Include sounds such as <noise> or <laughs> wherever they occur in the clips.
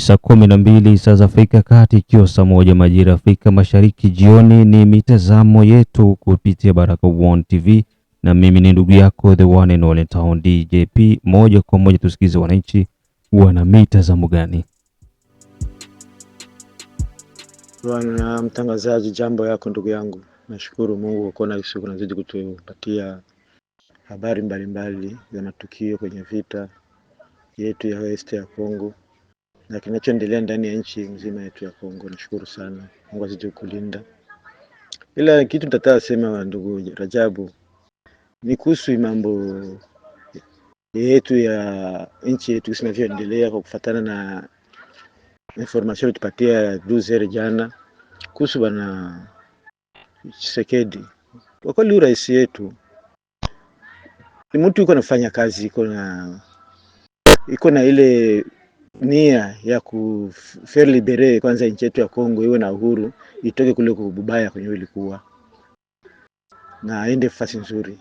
saa kumi na mbili saa za Afrika Kati, ikiwa saa moja majira Afrika Mashariki jioni. Ni mitazamo yetu kupitia baraka One TV na mimi ni ndugu yako the one and only Town DJP. Moja kwa moja tusikize wananchi wana mitazamo gani? Bwana mtangazaji, jambo yako ndugu yangu. Nashukuru Mungu kwa kuona siku nazidi kutupatia habari mbalimbali za matukio kwenye vita yetu ya West ya Kongo na kinachoendelea ndani ya nchi nzima yetu ya Kongo. Nashukuru sana, Mungu azidi kulinda. Ila kitu sema wa ndugu Rajabu ni kuhusu mambo yetu ya nchi yetu inavyoendelea kwa kufatana na information tupatia ya duzer jana kuhusu bana Chisekedi. Kwa kweli huyu rais yetu ni mtu yuko nafanya kazi iko na iko na ile nia ya kufer libere kwanza nchi yetu ya Kongo iwe na uhuru, itoke kule kububaya kwenye ilikuwa na aende fasi nzuri.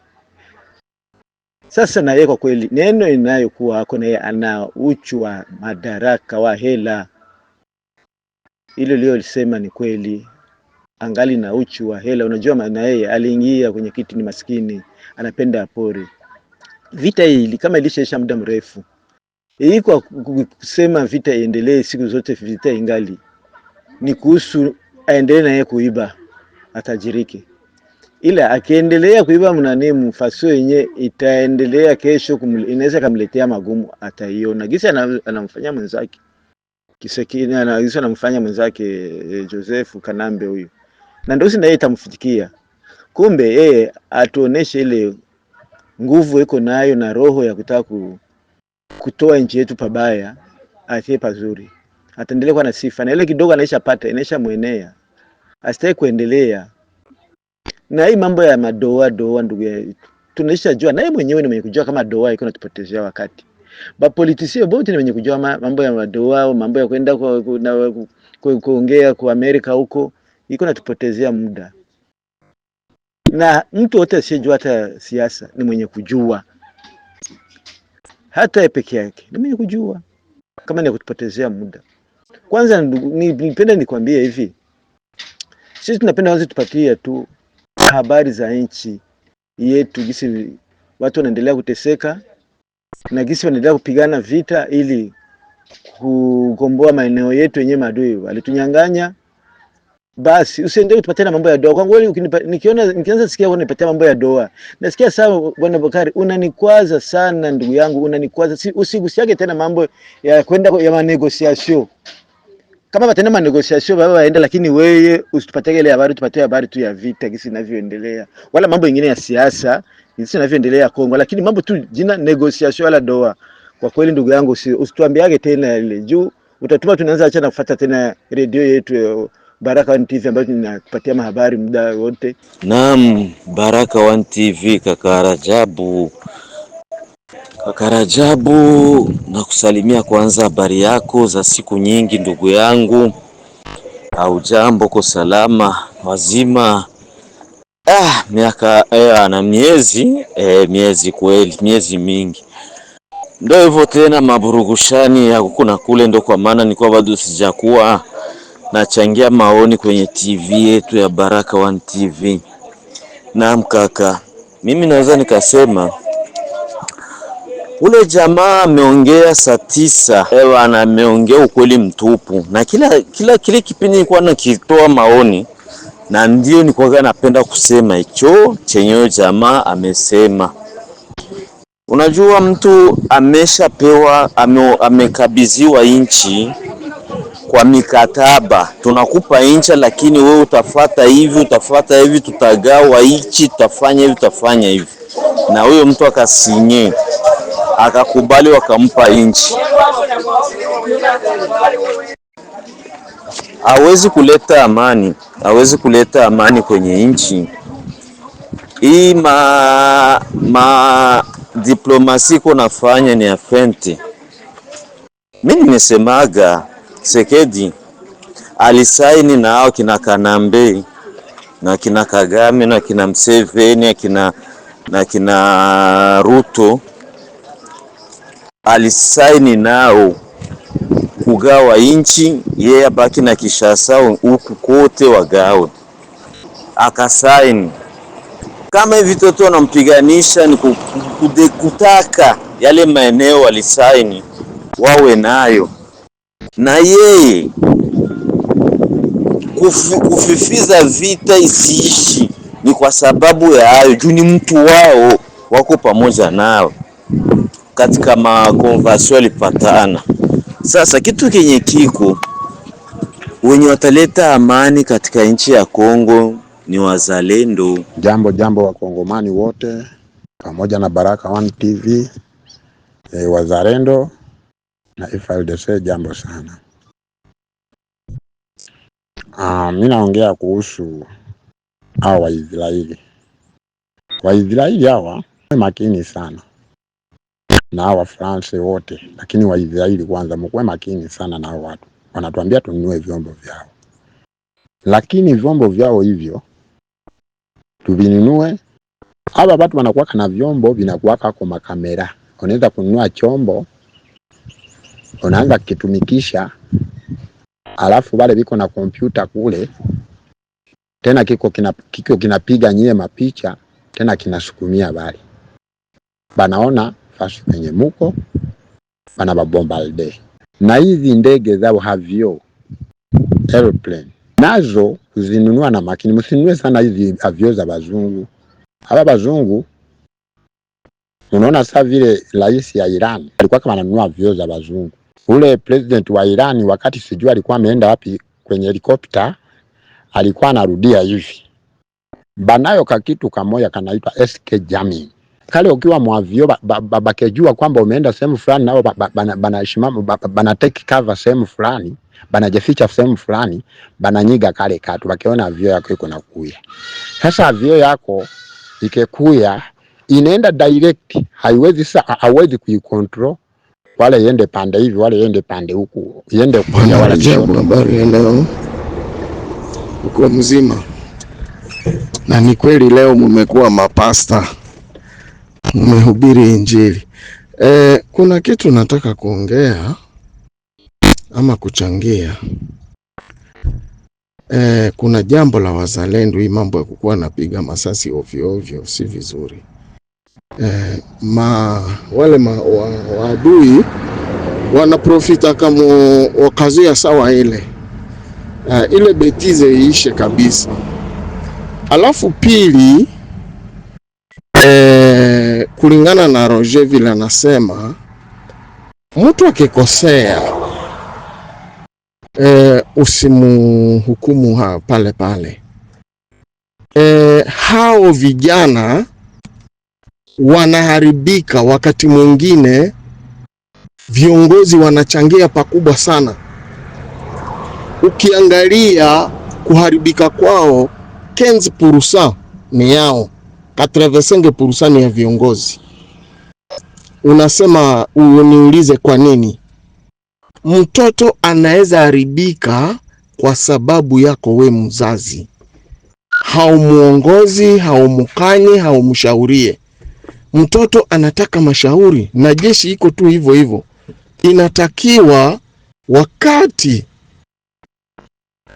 Sasa na yeye kwa kweli, neno inayokuwa ako naye, ana uchu wa madaraka wa hela, ilo liyolisema ni kweli, angali na uchu wa hela. Unajua maana yeye aliingia kwenye kiti ni maskini, anapenda apore. Vita hii kama ilishaisha muda mrefu hii kwa kusema vita iendelee siku zote, vita ingali ni kuhusu aendelee naye kuiba atajirike, ila akiendelea kuiba mnani mfasio yenye itaendelea kesho, inaweza kamletea magumu, ataiona gisa anamfanyia mwenzake Kisekine, anagisa anamfanya mwenzake eh, Joseph Kanambe huyu, na ndio si naye itamfikia. Kumbe yeye atuoneshe ile nguvu iko nayo na roho ya kutaka ku kutoa nchi yetu pabaya atie pazuri, ataendelea kuwa na sifa na ile kidogo pata inaisha mwenea, asitaki kuendelea na hii mambo ya madoa doa. Ndugu yetu tunaisha jua, naye mwenyewe ni mwenye kujua kama doa iko natupotezea wakati. politisi wote ni wenye kujua mambo ya madoa, mambo ya kwenda kuongea ku Amerika huko iko natupotezea muda, na mtu wote asiyejua hata siasa ni mwenye kujua hata yeye peke yake, na mimi kujua kama ni kutupotezea muda. Kwanza nipende nikwambie hivi, sisi tunapenda wazi tupatie tu habari za nchi yetu, gisi watu wanaendelea kuteseka na gisi wanaendelea kupigana vita ili kugomboa maeneo yetu yenye maadui walitunyang'anya basi usiendelee kunipatia na mambo ya doa. Kwangu wewe nikiona nikianza sikia wewe unipatia mambo ya doa. Nasikia sawa Bwana Bakari, unanikwaza sana ndugu yangu, unanikwaza. Si, usigusiage tena mambo ya kwenda ya ma Kama batenda ma negotiation baba waende, lakini wewe usitupatie ile habari, tupatie habari tu ya vita gisi inavyoendelea. Wala mambo mengine ya siasa gisi inavyoendelea Kongo, lakini mambo tu jina negotiation wala doa. Kwa kweli ndugu yangu usituambiage tena ile juu utatuma tunaanza acha na kufuata tena redio yetu yo. Baraka One TV ambayo inakupatia mahabari muda wote. Naam, Baraka One TV, kaka Rajabu. Kaka Rajabu, nakusalimia kwanza, habari yako za siku nyingi ndugu yangu, au jambo, ko salama wazima? Ah, miaka eh, na miezi eh, miezi kweli, miezi mingi ndo hivyo tena, maburugushani ya huku na kule, ndo kwa maana nilikuwa bado sijakuwa nachangia maoni kwenye TV yetu ya Baraka One TV. Naam kaka, mimi naweza nikasema ule jamaa ameongea saa tisa, ewa na ameongea ukweli mtupu, na kila kila kile kipindi nilikuwa nakitoa maoni, na ndio nilikuwa napenda kusema hicho chenyeo jamaa amesema. Unajua mtu ameshapewa ame, amekabidhiwa inchi kwa mikataba tunakupa incha, lakini wewe utafata hivi utafata hivi, tutagawa hichi, tutafanya hivi tutafanya hivi. Na huyo mtu akasinye akakubali, wakampa inchi. Hawezi kuleta amani, hawezi kuleta amani kwenye nchi hii. ma, ma diplomasi ko nafanya ni afente. Mimi nimesemaga Tshisekedi alisaini na hao kina Kanambe na kina Kagame na kina Mseveni kina, na kina Ruto alisaini nao kugawa inchi, yeye abaki na Kishasa huku kote wagawe, akasaini kama hivi toto wanampiganisha ni kutaka yale maeneo walisaini wawe nayo na yeye kufifiza vita isiishi ni kwa sababu ya hayo, juu ni mtu wao, wako pamoja nao katika makonvasio alipatana. Sasa kitu kenye kiko wenye wataleta amani katika nchi ya Kongo ni wazalendo. Jambo jambo, wakongomani wote pamoja na Baraka One TV. E, eh, wazalendo na FLDC jambo sana. Ah, mimi naongea kuhusu hawa Waisraeli. Waisraeli hawa makini sana na hawa France wote, lakini Waisraeli kwanza mkuwe makini sana na hao watu. Wanatuambia tununue vyombo vyao, lakini vyombo vyao hivyo tuvinunue. Hawa watu wanakuwaka na vyombo vinakuwaka kwa makamera, unaweza kununua chombo unaanza kitumikisha, alafu vale viko na kompyuta kule tena, kiko kina, kiko kinapiga nyie mapicha tena kinasukumia bali banaona fasi kwenye muko bana babombalde na hizi ndege zao havio aeroplane nazo kuzinunua na makini, msinunue sana hizi avyo za bazungu. Hawa bazungu unaona saa vile rais ya Iran alikuwa kama ananunua avio za bazungu ule president wa Irani wakati sijui alikuwa ameenda wapi kwenye helikopta, alikuwa anarudia hivi banayo kakitu kamoja kanaitwa SK Jamii kale ukiwa mwavio babakejua ba, ba, kwamba umeenda sehemu fulani nao banashimama ba, ba, ba, bana take cover sehemu fulani banajificha sehemu fulani bananyiga kale katu bakiona avyo yako iko na kuya. Sasa avyo yako ikekuya inaenda direct, haiwezi sasa, hawezi kuikontrol wala iende pande hivi wale iende pande huku, iende wala Habari leo uko mzima, na ni kweli leo mmekuwa mapasta, mmehubiri Injili. E, kuna kitu nataka kuongea ama kuchangia e, kuna jambo la wazalendo. Hii mambo ya kukuwa napiga masasi ovyo ovyo si vizuri eh, ma, wale ma, wa, waadui wanaprofita kama wakazi ya sawa ile eh, ile betize iishe kabisa. Alafu pili eh, kulingana na Roger vile anasema mtu akikosea eh, usimuhukumu ha, pale pale eh, hao vijana wanaharibika. Wakati mwingine viongozi wanachangia pakubwa sana. Ukiangalia kuharibika kwao, purusa ni yao, purusa ni ya viongozi. Unasema uniulize kwa nini? Mtoto anaweza haribika kwa sababu yako we mzazi, haumuongozi, haumukanyi, haumshaurie mtoto anataka mashauri na jeshi iko tu hivyo hivyo. Inatakiwa wakati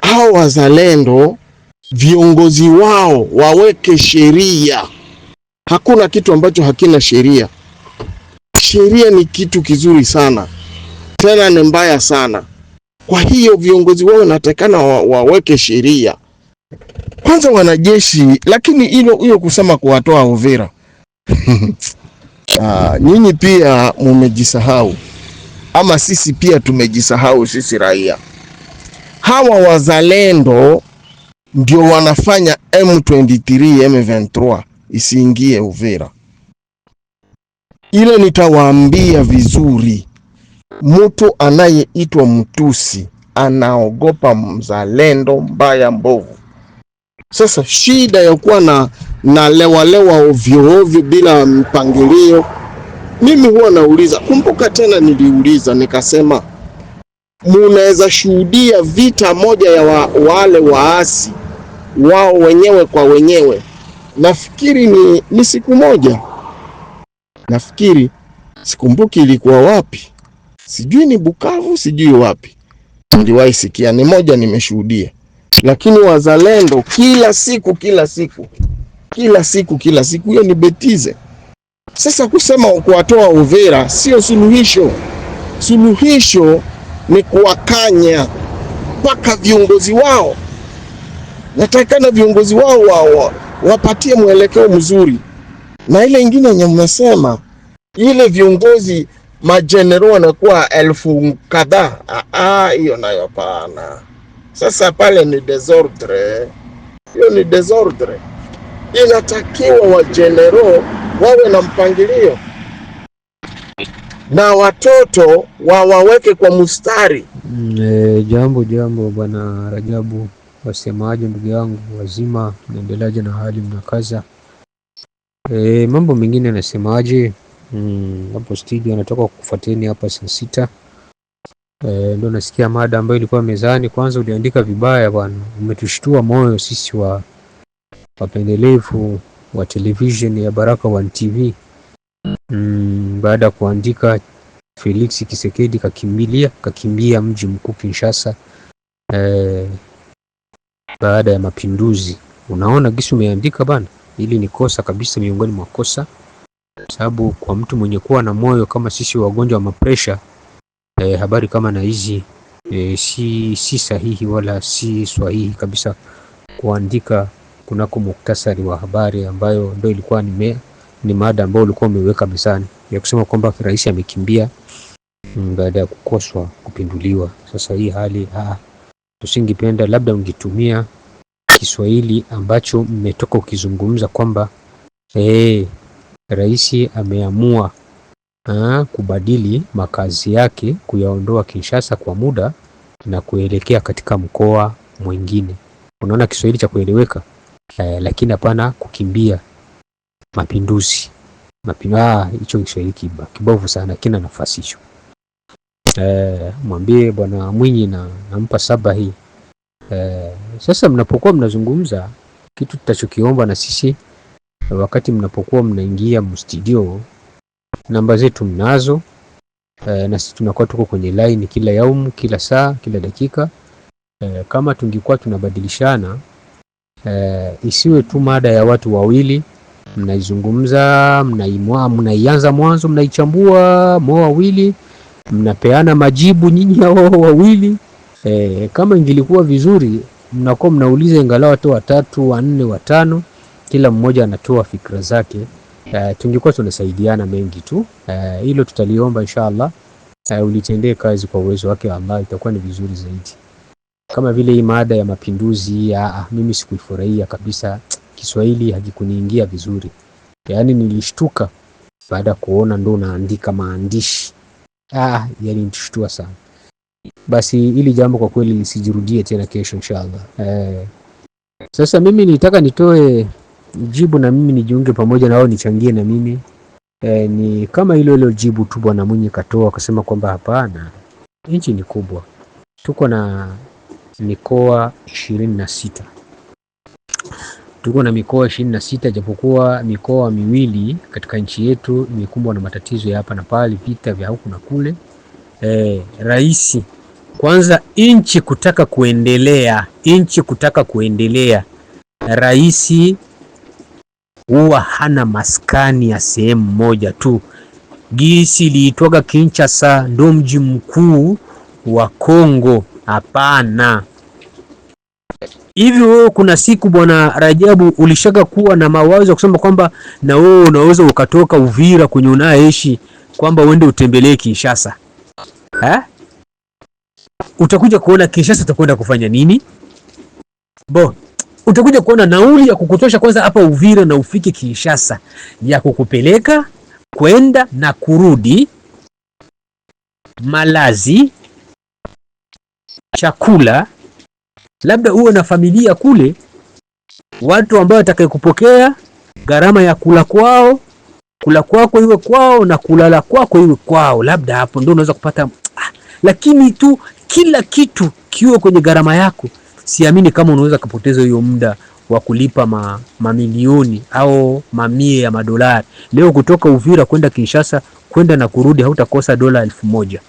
hao wazalendo viongozi wao waweke sheria. Hakuna kitu ambacho hakina sheria. Sheria ni kitu kizuri sana, tena ni mbaya sana. Kwa hiyo viongozi wao wanatakana wa, waweke sheria kwanza, wanajeshi. Lakini hilo hiyo kusema kuwatoa Uvira <laughs> Ah, nyinyi pia mumejisahau ama sisi pia tumejisahau, sisi raia. Hawa wazalendo ndio wanafanya M23 M23 isiingie Uvira. Ile nitawaambia vizuri, mtu anayeitwa mtusi anaogopa mzalendo mbaya mbovu. Sasa shida ya kuwa na na lewalewa ovyo ovyo bila mpangilio. Mimi huwa nauliza, kumbuka tena niliuliza nikasema, munaweza shuhudia vita moja ya wa, wale waasi wao wenyewe kwa wenyewe. Nafikiri ni, ni siku moja, nafikiri sikumbuki ilikuwa wapi, sijui ni Bukavu, sijui wapi, niliwahi sikia ni moja nimeshuhudia, lakini wazalendo kila siku kila siku kila siku kila siku, hiyo ni betize. Sasa kusema kuwatoa Uvira sio suluhisho. Suluhisho ni kuwakanya mpaka viongozi wao, natakana viongozi wao wao wapatie mwelekeo mzuri, na ile ingine yenye mmesema ile viongozi majenero wanakuwa elfu kadhaa. Ah, ah, hiyo nayo pana Sasa pale ni desordre, hiyo ni desordre inatakiwa wajenero wawe na mpangilio na watoto wawaweke kwa mustari. E, jambo jambo, bwana Rajabu, wasemaje ndugu yangu? Wazima, naendeleaje na hali mnakaza? E, mambo mengine anasemaje? Mm, studio anatoka kufuateni hapa saa sita. E, eh, ndo nasikia mada ambayo ilikuwa mezani. Kwanza uliandika vibaya bwana, umetushtua moyo sisi wa wapendelevu wa television ya Baraka One TV. Mm, baada ya kuandika Felix Kisekedi kakimbilia kakimbia mji mkuu Kinshasa, eh, baada ya mapinduzi. Unaona gisi umeandika bana, ili ni kosa kabisa, miongoni mwa kosa, sababu kwa mtu mwenye kuwa na moyo kama sisi wagonjwa wa mapresha eh, habari kama na hizi eh, si, si sahihi wala si swahihi kabisa kuandika kunako muktasari wa habari ambayo ndio ilikuwa ni, ni mada ambayo ulikuwa umeweka mezani ya kusema kwamba rais amekimbia mm, baada ya kukoswa kupinduliwa. Sasa hii hali haa, tusingependa labda ungetumia Kiswahili ambacho mmetoka ukizungumza kwamba hey, eh, rais ameamua haa, kubadili makazi yake kuyaondoa Kinshasa kwa muda na kuelekea katika mkoa mwingine. Unaona Kiswahili cha kueleweka eh, lakini hapana kukimbia mapinduzi. Ah, hicho ah, Kiswahili kiba kibovu sana, kina nafasi hicho. Eh, mwambie bwana Mwinyi na nampa saba hii. Eh, sasa mnapokuwa mnazungumza kitu tutachokiomba na sisi, wakati mnapokuwa mnaingia mstudio, namba zetu mnazo eh, na sisi tunakuwa tuko kwenye line kila yaumu, kila saa, kila dakika eh, kama tungekuwa tunabadilishana eh, isiwe tu mada ya watu wawili mnaizungumza, mnaianza mwanzo, mnaichambua mo wawili, mnapeana majibu nyinyi hao <laughs> wawili. Eh, kama ingilikuwa vizuri mnakuwa mnauliza ingalao watu watatu wanne watano, kila mmoja anatoa fikra zake. Uh, tungekuwa tunasaidiana mengi tu. Eh, hilo uh, tutaliomba inshallah, uh, eh, ulitendee kazi kwa uwezo wake Allah, itakuwa ni vizuri zaidi kama vile hii mada ya mapinduzi ya, ah, mimi sikuifurahia kabisa. Kiswahili hakikuniingia vizuri, yaani nilishtuka baada ya kuona ndo naandika maandishi ah, yani nitushtua sana. Basi hili jambo kwa kweli lisijirudie tena kesho inshallah. Eh, sasa mimi nitaka nitoe jibu na mimi nijiunge pamoja na wao nichangie na mimi eh, ni kama hilo hilo jibu tu Bwana Mwinyi katoa akasema kwamba hapana, nchi ni kubwa, tuko na mikoa ishirini na sita tuko na mikoa ishirini na sita japokuwa mikoa miwili katika nchi yetu imekumbwa na matatizo ya hapa na pale, vita vya huku na kule. Eh, rais kwanza, nchi kutaka kuendelea, nchi kutaka kuendelea, rais huwa hana maskani ya sehemu moja tu. Gisi liitwaga Kinshasa ndo mji mkuu wa Kongo? Hapana, Hivi wewe kuna siku bwana Rajabu ulishaka kuwa na mawazo ya kusema kwamba na wewe unaweza ukatoka Uvira kwenye unaaishi kwamba uende utembelee Kinshasa? Ha? Eh? Utakuja kuona Kinshasa utakwenda kufanya nini? Bo, utakuja kuona nauli ya kukutosha kwanza hapa Uvira na ufike Kinshasa ya kukupeleka kwenda na kurudi, malazi, chakula labda uwe na familia kule, watu ambao watakayekupokea, gharama ya kula kwao, kula kwako iwe kwao na kulala kwako iwe kwao, labda hapo ndio unaweza kupata ah, lakini tu kila kitu kiwe kwenye gharama yako, siamini kama unaweza kupoteza hiyo muda wa kulipa ma, mamilioni au mamia ya madolari leo kutoka Uvira kwenda Kinshasa kwenda na kurudi, hautakosa dola elfu moja.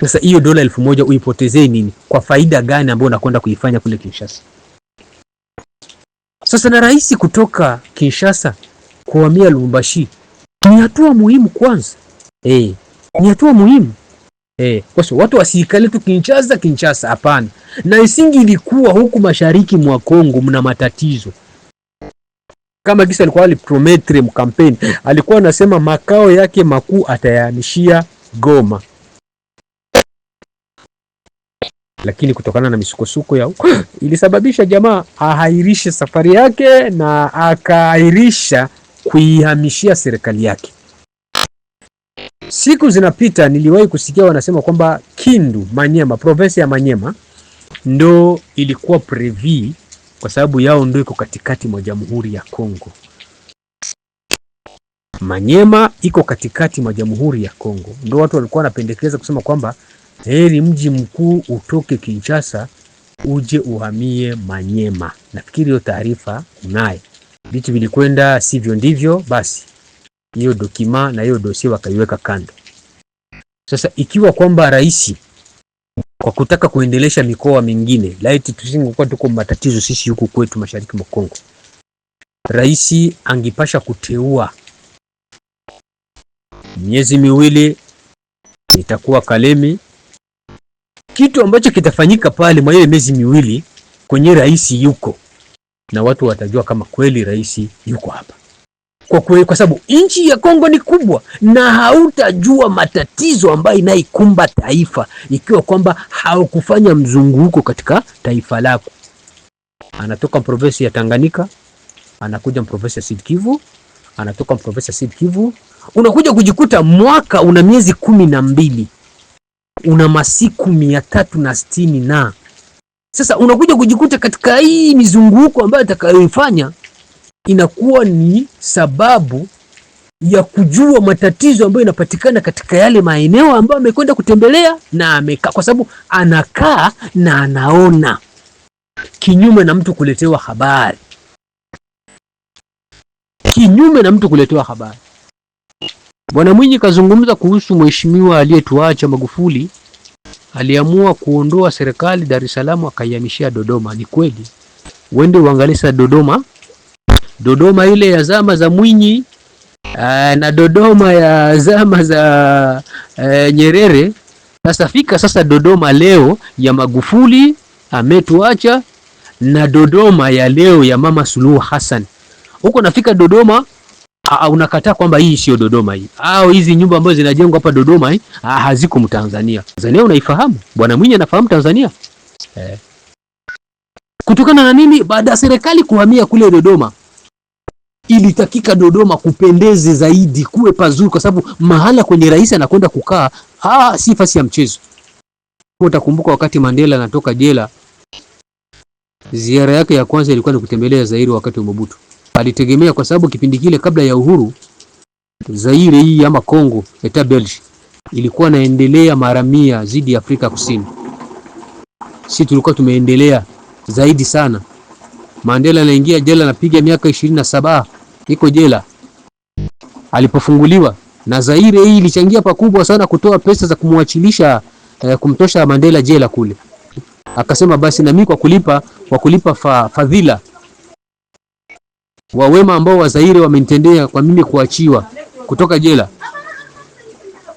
Sasa hiyo dola elfu moja uipotezee nini? Kwa faida gani ambayo unakwenda kuifanya kule Kinshasa? Sasa na rais kutoka Kinshasa kuhamia Lubumbashi ni hatua muhimu kwanza, eh, ni hatua muhimu eh, kwa sababu watu wasikale tu Kinshasa Kinshasa, hapana. Na isingi ilikuwa huku mashariki mwa Kongo mna matatizo kama kisa alikuwa aliprometre mkampeni alikuwa anasema makao yake makuu atayahamishia Goma lakini kutokana na misukosuko ya <gasps> ilisababisha jamaa ahairishe safari yake na akaahirisha kuihamishia serikali yake. Siku zinapita, niliwahi kusikia wanasema kwamba Kindu, Manyema, provensi ya Manyema ndo ilikuwa previ kwa sababu yao ndo iko katikati mwa Jamhuri ya Kongo. Manyema iko katikati mwa Jamhuri ya Kongo, ndo watu walikuwa wanapendekeza kusema kwamba heri mji mkuu utoke Kinshasa uje uhamie Manyema. Nafikiri hiyo taarifa unaye, vitu vilikwenda sivyo ndivyo, basi hiyo dokima na hiyo dosie wakaiweka kando. Sasa ikiwa kwamba rais kwa kutaka kuendelesha mikoa mingine, laiti tusingekuwa tuko matatizo sisi huku kwetu mashariki mwa Kongo, rais angipasha kuteua miezi miwili itakuwa Kalemi kitu ambacho kitafanyika pale mwa miezi miwili kwenye rais yuko na watu watajua kama kweli rais yuko hapa kwa kweli, kwa sababu nchi ya Kongo ni kubwa, na hautajua matatizo ambayo inaikumba taifa ikiwa kwamba haukufanya mzunguko katika taifa lako. Anatoka provinsi ya Tanganyika, anakuja provinsi ya Sud Kivu, anatoka provinsi ya Sud Kivu, unakuja kujikuta mwaka una miezi kumi na mbili una masiku mia tatu na sitini na sasa unakuja kujikuta katika hii mizunguko ambayo atakayoifanya inakuwa ni sababu ya kujua matatizo ambayo inapatikana katika yale maeneo ambayo amekwenda kutembelea na amekaa, kwa sababu anakaa na anaona, kinyume na mtu kuletewa habari, kinyume na mtu kuletewa habari. Bwana Mwinyi kazungumza kuhusu mheshimiwa aliyetuacha Magufuli, aliamua kuondoa serikali Dar es Salaam akaihamishia Dodoma. Ni kweli, uende uangalie Dodoma, Dodoma ile ya zama za Mwinyi eh, na Dodoma ya zama za e, Nyerere. Sasa fika sasa Dodoma leo ya Magufuli ametuacha na Dodoma ya leo ya Mama Suluhu Hassan, huko nafika Dodoma unakataa kwamba hii sio Dodoma hii au hizi nyumba ambazo zinajengwa hapa Dodoma hii haziko Mtanzania. Tanzania unaifahamu, Bwana Mwinyi anafahamu Tanzania eh. Kutokana na nini? Baada ya serikali kuhamia kule Dodoma, ilitakika Dodoma kupendeze zaidi, kuwe pazuri, kwa sababu mahala kwenye rais anakwenda kukaa ah, si fasi ya mchezo. Utakumbuka wakati Mandela anatoka jela, ziara yake ya kwanza ilikuwa ni kutembelea Zaire wakati wa Mobutu alitegemea, kwa sababu kipindi kile kabla ya uhuru Zaire hii ama Kongo eta Belge ilikuwa naendelea mara mia zidi ya Afrika Kusini. Sisi tulikuwa tumeendelea zaidi sana. Mandela anaingia jela, anapiga miaka ishirini na saba iko jela. Alipofunguliwa na Zaire hii ilichangia pakubwa sana kutoa pesa za kumwachilisha eh, kumtosha Mandela jela kule. Akasema basi na mimi kwa kulipa kwa kulipa fa, fadhila wa wema ambao Wazaire wamenitendea kwa mimi kuachiwa kutoka jela,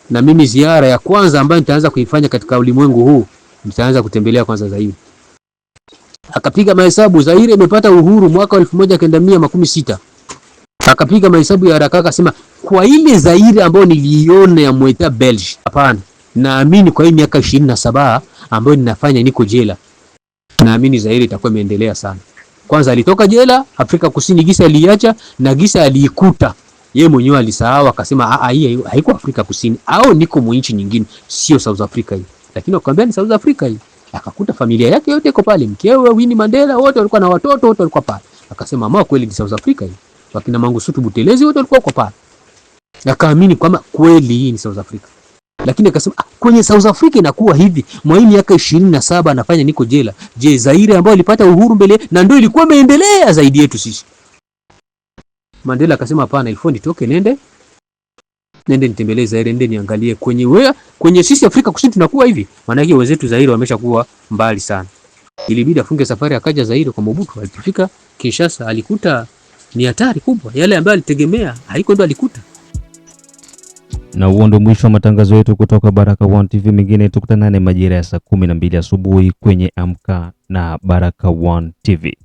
na mimi ziara ya kwanza ambayo nitaanza kuifanya katika ulimwengu huu nitaanza kutembelea kwanza Zaire. Akapiga mahesabu, Zaire imepata uhuru mwaka elfu Akapiga mahesabu ya haraka akasema, kwa ile Zaire ambayo niliiona ya Mweta Belge, hapana, naamini kwa hii miaka 27 ambayo ninafanya niko jela, naamini Zaire itakuwa imeendelea sana. Kwanza alitoka jela Afrika Kusini, gisa aliacha na gisa aliikuta yeye mwenyewe alisahau, akasema a, ah, ah, hii haiko Afrika Kusini au niko mwinchi nyingine, sio South Africa hii. Lakini akamwambia ni South Africa hii, akakuta familia yake yote iko pale, mkewe Winnie Mandela, wote walikuwa na watoto, wote walikuwa pale. Akasema mama, kweli ni South Africa hii. Wakina Mangosuthu Buthelezi wote walikuwa kwa pale, akaamini kwamba kweli hii ni South Africa. Lakini akasema ah, kwenye South Africa inakuwa hivi, Mwai miaka ishirini na saba anafanya niko jela. Je, Zaire ambayo ilipata uhuru mbele na ndio ilikuwa imeendelea zaidi yetu sisi? Mandela akasema hapana, ilifo nitoke nende nende nitembelee Zaire, nende niangalie kwenye wea, kwenye sisi Afrika Kusini tunakuwa hivi. Maana yake wenzetu Zaire wameshakuwa mbali sana. Ilibidi afunge safari, akaja Zaire kwa Mobutu. Alipofika Kinshasa alikuta ni hatari kubwa, yale ambayo alitegemea haiko, ndo alikuta na huo ndio mwisho wa matangazo yetu kutoka Baraka One TV. Mengine tukutanane majira ya saa kumi na mbili asubuhi kwenye Amka na Baraka One TV.